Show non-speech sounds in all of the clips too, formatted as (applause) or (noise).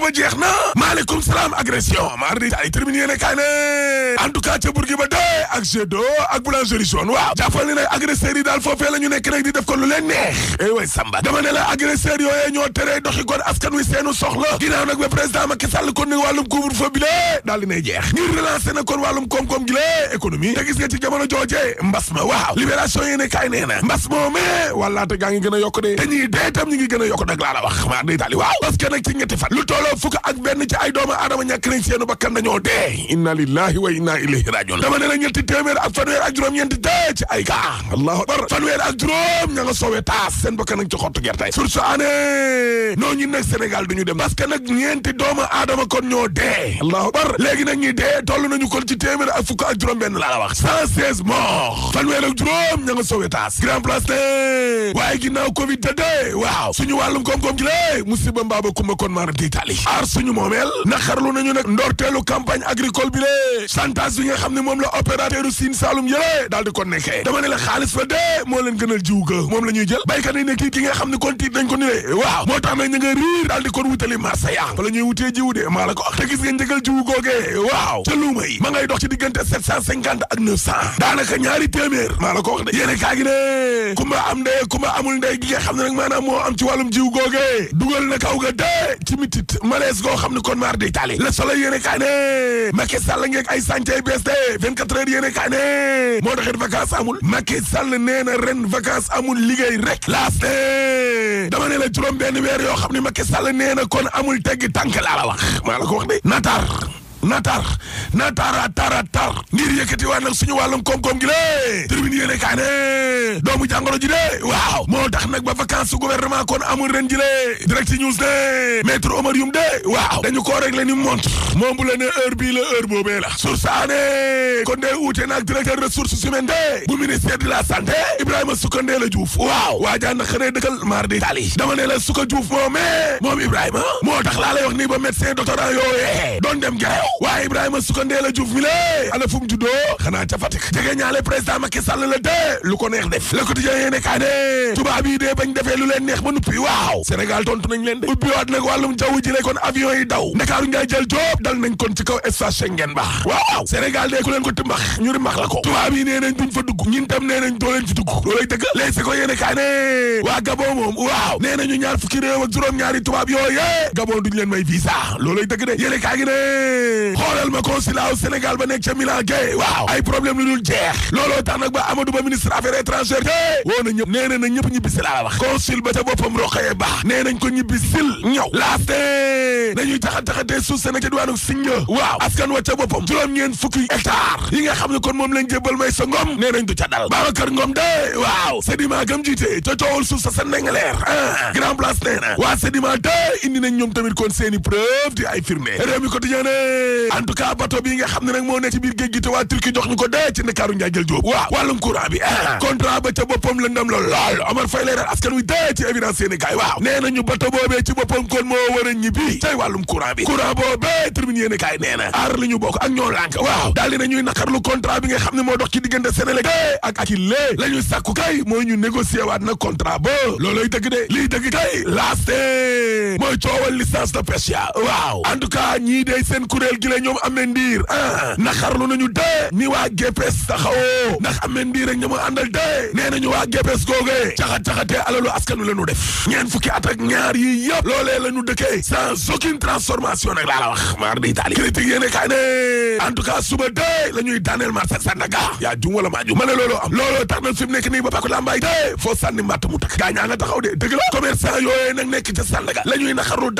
ba jeex na maaleykum salaam agression maar di ay tribune yéene kaay ne en tout cas ca Bourguiba de ak Gédo ak boulangerie jaune waaw jàppal ni nag agresseurs ñu nekk di def ko lu leen neex eh ñoo tere doxi kon askan wi seenu soxla ginnaaw nag ba président Macky Sall kon ni wàllum couvre-feu bi lée daal dinay jeex ngir relancer na kon wàllum koom-koom gi lée économie te gis nga ci jamono joojee mbas ma waaw libération yéene kaay nee na mbas moome wàllaate gaa ngi gën a yokk de te ñuy dee juróom fukk ak benn ci ay doomu aadama ñàkk nañ seenu bakkan dañoo dee inna lillahi wa inna ilayhi rajiun dama ne la ñetti téeméer ak fanweer ak juróom ñeenti dee ci ay gaa allahu akbar fanweer ak juróom ña nga soowee taas seen bakkan nañ ci xottu gerte source ané noo ñu nag Sénégal duñu dem parce que nag ñeenti doomu aadama kon ñoo dee allahu akbar léegi nag ñi dee toll nañu kon ci téeméer ak fukk ak juróom benn laa la wax cent seize morts fanweer ak juróom ña nga soowee taas grand place ne waaye ginnaaw covid da dee waaw suñu wàllum koom aar suñu moomeel naxarlu nañu nag ndorteelu campagne agricole bi lée chantage bi nga xam ne moom la opérateur u Sine Saloum yëlee daal di ko nekkee dama ne la xaalis fa dee moo leen gënal jiw ga moom la ñuy jël béykat yi nekk ki nga xam ne kon tiit nañ ko ni le waaw moo tax nag ñu riir daal di kon wutali marché yaa fa la ñuy wutee jiw de maa la ko wax te gis nga njëgal jiw googee waaw ca luuma yi ngay dox ci diggante 750 ak 900 daanaka ñaari téeméer maa la ko wax de yéene kaa gi amul ndey gi nga xam ne nag maanaam moo am ci wàllum jiw googee dugal na kaw malaise goo xam ne kon maar day taale le soleil yéene kaa ne Macky Sall ngeeg ay sàncay bees de 24 heures yéene kaa ne moo taxit vacances amul Macky Sall nee na ren vacances amul liggéey rek laas dama ne la juróom benn weer yoo xam ne Macky Sall nee na kon amul teggi tànk laa la wax maa la ko wax de natar na tar na tara tara tar yëkkati waat nag suñu wàllum koom-koom gi lé tribune yéene kaa doomu jàngoro ji de waaw moo tax nag ba vacance su gouvernement kon amul ren ji lé direct news de maître Omar Youm de waaw dañu koo régler ni montre moom bu la ne bii la heure boobee la source aane kon de uute directeur ressources humaines de bu ministère de la santé Ibrahima Soukandé la Diouf waaw waajaa na xëree dëkkal mardi tali dama ne la moom moom moo tax laa lay wax nii dem waaye Ibrahima Soukandé a Diouf mi lée ana fu mu xanaa ca Fatick jege ñaale président Macky Sall la dee lu ko neex def le quotidien yéen a kaa ne tubaab yi dee bañ defee lu leen neex ba nuppi waaw Sénégal tontu nañ leen de ubbiwaat nag wàllum jaww ji le kon avion yi daw Ndakaaru ngay jël joob dal nañ kon ci kaw espace Schengen baax waaw Sénégal dee ku leen ko timbax ñu rimbax la ko tubaab yi nee nañ duñ fa dugg ñin tam nee nañ leen ci dugg loolay dëgg léeg si ko yéen a kaa ne waa Gabon leen may visa loolay dëgg de yéen xoolal ma consulat u Sénégal ba nekk ca Milan gay waaw ay problème lu dul jeex looloo tax nag ba Amadou Ba ministre affaires étrangères té woo na ñëpp nee na nag ñëpp ñibbisi a la wax consul ba ca boppam roqoyee baax nee nañ ko ñibbisil ñëw laaste dañuy taxa-taxatee suuf sa nag ca diwaanu Sinja waaw askan wa ca boppam juróom-ñeen fukki hectare yi nga xam ne kon moom lañ jébbal may sa ngom nee nañ du ca dal Babacar Ngom de waaw Sedima gam jiite ca coowul suuf sa en tout cas bateau bi nga xam ne nag moo ne ci biir géej gi te waa Turquie jox ñu ko dee ci ndakaaru njaajël jóob waaw wàllum courant bi eh. ah. contrat ba ca boppam lëndam la lool Omar Faye leeral askan wi dee ci évidence Sénégal waaw nee nañu bateau boobee ci boppam kon moo war a ñibbi tey wàllum courant bi courant boobee termine yéen kaay nee na aar li ñu bokk ak ñoo lànk waaw daal dina ñuy naqarlu contrat bi nga xam ne moo dox ci diggante Sénélec ak ak gi le ñoom amee ndiir ah, ah naxarlu nañu dee ni waa GPS taxawoo ndax amee ndiir ak ña ma àndal dee nee nañu waa GPS googee caxat-caxatee alalu askanu la ñu def ñeen fukki at ak ñaar yi yëpp loolee la ñu dëkkee sans aucune transformation nag laa la wax mar di Italie critique yéene kaay ne en suba dee la ñuy daaneel marché Sandaga yaa jum wala maa jum ma ne loolu am looloo tax na fi mu nekk nii ba bako lambaay dee foo sànni mbatt mu tak gaa ñaa taxaw de dëgg la commerçant yooyee nag nekk ca Sandaga la ñuy naxarlu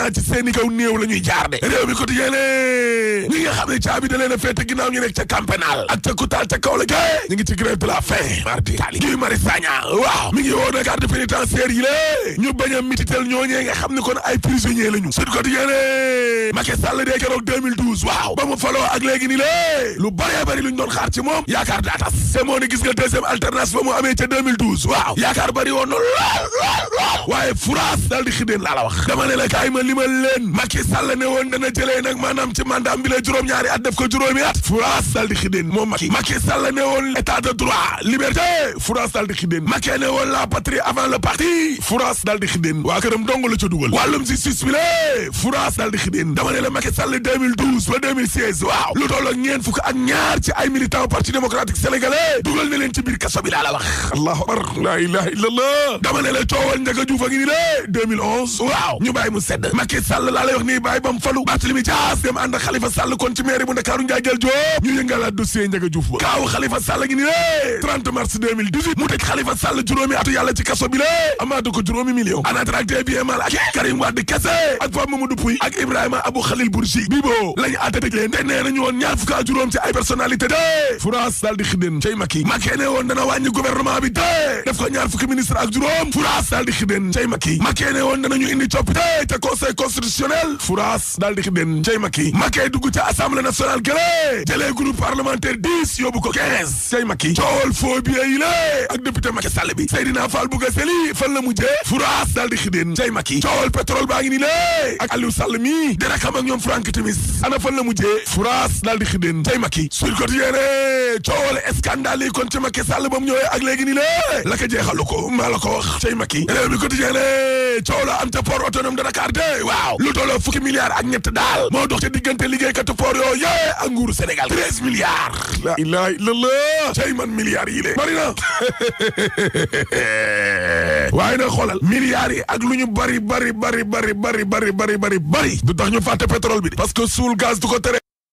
xanaa ci seeni kaw néew la ñuy jaar de réew mi quotidien xam ne a féete ginnaaw ñu nekk ca camp pénal ak ca a keroog waaw ba mu faloo ak léegi ni lée lu bëree bëri lu ñu doon xaar ci moom yaakaar daa tas gis nga deuxième alternance ba mu amee ca waaw yaakaar bëri woon na lool waaye France daal di xideen laa la wax dama ne la kaay ma limal leen Macky Sall woon dana jëlee nag maanaam ci mandaam bi la juróom juróom-ñaari at def ko juróomi at France dal di xidéen moom Macky Macky Sall ne woon état de droit liberté France dal di xidéen Macky ne woon la patrie avant le parti France dal di xidéen waa këram dong la ca dugal wàllum justice bi le France dal di xidéen dama ne la Macky Sall 2012 ba 2016 lu toll ak ñeent fukk ak ñaar ci ay militant parti démocratique sénégalais dugal na leen ci biir kaso wax allahu akbar la ilaha a ci mairie bu Ndakaaru Njaajël Joob ñu yëngalaat dossier Ndiaga ne woon dana wàññi gouvernement bi te def ko ñaar fukki ministre ak juróom France daal di xiddeen cay Macky Macky ne woon danañu indi coppite te conseil constitutionnel France daal di xiddeen cay Macky Macky dugg ca assemblée nationale gëlé jëlee groupe parlementaire 10 yóbbu ko 15 cay Macky coowal faux billets yi lée ak député Macky Sall bi Seydina Fall bugga seli fan la mujjee furaas daal di xidéen cay Macky coowal pétrole baa ngi ni lée ak Aliou Sall mi dara xam ak ñoom Frank Timis ana fan la mujjee furaas daal di xidéen cay Macky sur quotidien coowal scandale yi kon ci Macky Sall ba mu ñëwee ak léegi ni lée la ko jeexalu ko maa la ko wax cay Macky réew mi quotidien coow la am ca port autonome de Dakar de waaw lu tolloo fukki milliards ak ñett daal moo dox ca diggante liggéeykatu port accord yooyu yee ak nguuru Sénégal treize milliards la ilaha illallah cay man milliards yi lée bari na (laughs) waaye nag xoolal milliards yi ak lu ñu bari bari bari bari bari bari bari bari bari du tax ñu fàtte pétrole bi parce que suul gaz du ko tere